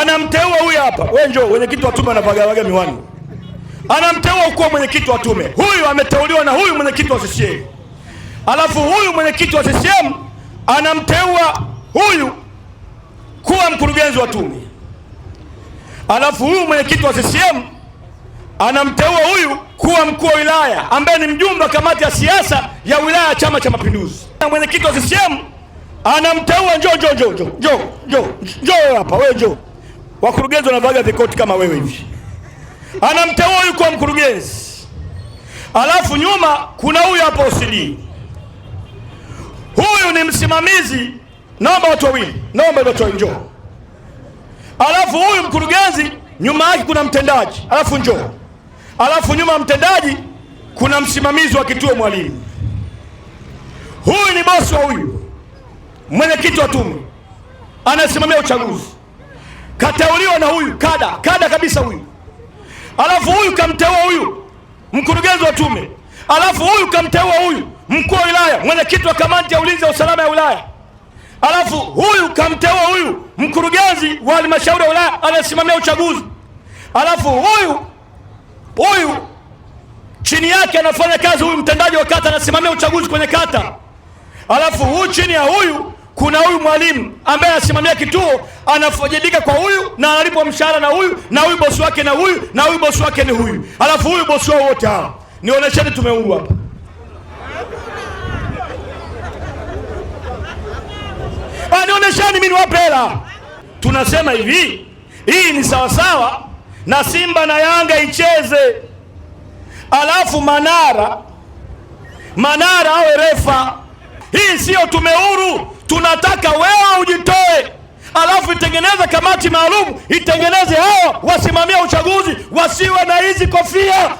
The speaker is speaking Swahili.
anamteua huyu hapa, wewe njoo mwenyekiti wa tume, anavagawaga miwani, anamteua ukuwa mwenyekiti wa tume. Huyu ameteuliwa na huyu mwenyekiti wa CCM, alafu huyu mwenyekiti wa CCM anamteua huyu kuwa mkurugenzi wa tume, alafu huyu mwenyekiti wa CCM anamteua huyu kuwa mkuu wa wilaya ambaye ni mjumbe wa kamati ya siasa ya wilaya ya Chama cha Mapinduzi. Na mwenyekiti wa CCM anamteua njoo njoo njoo njoo njoo njoo hapa, wewe njoo Wakurugenzi wanavaga vikoti kama wewe hivi, anamteua huyu kuwa mkurugenzi, alafu nyuma kuna huyu hapo OCD. Huyu ni msimamizi, naomba watu wawili, naomba watu wawili njoo. Alafu huyu mkurugenzi nyuma yake kuna mtendaji, alafu njoo. Alafu nyuma ya mtendaji kuna msimamizi wa kituo mwalimu. Huyu ni bosi wa huyu mwenyekiti wa tume anasimamia uchaguzi kateuliwa na huyu kada kada kabisa huyu, alafu huyu kamteua huyu mkurugenzi wa tume, alafu huyu kamteua huyu mkuu wa wilaya, mwenyekiti wa kamati ya ulinzi wa usalama ya wilaya, alafu huyu kamteua huyu mkurugenzi wa halmashauri ya wilaya anasimamia uchaguzi, alafu huyu huyu chini yake anafanya kazi huyu mtendaji wa kata anasimamia uchaguzi kwenye kata, alafu huyu chini ya huyu kuna huyu mwalimu ambaye anasimamia kituo anafajidika kwa huyu na analipwa mshahara na huyu na huyu bosi wake na huyu na huyu bosi wake ni huyu, alafu huyu bosi wao wote hawa. Nionyesheni tumeuru hapa Anionesheni ah, mimi niwape hela. Tunasema hivi, hii ni sawasawa na Simba na Yanga icheze, alafu Manara Manara awe refa. Hii siyo tumeuru tunataka wewe ujitoe, alafu itengeneze kamati maalum, itengeneze hawa wasimamia uchaguzi, wasiwe na hizi kofia.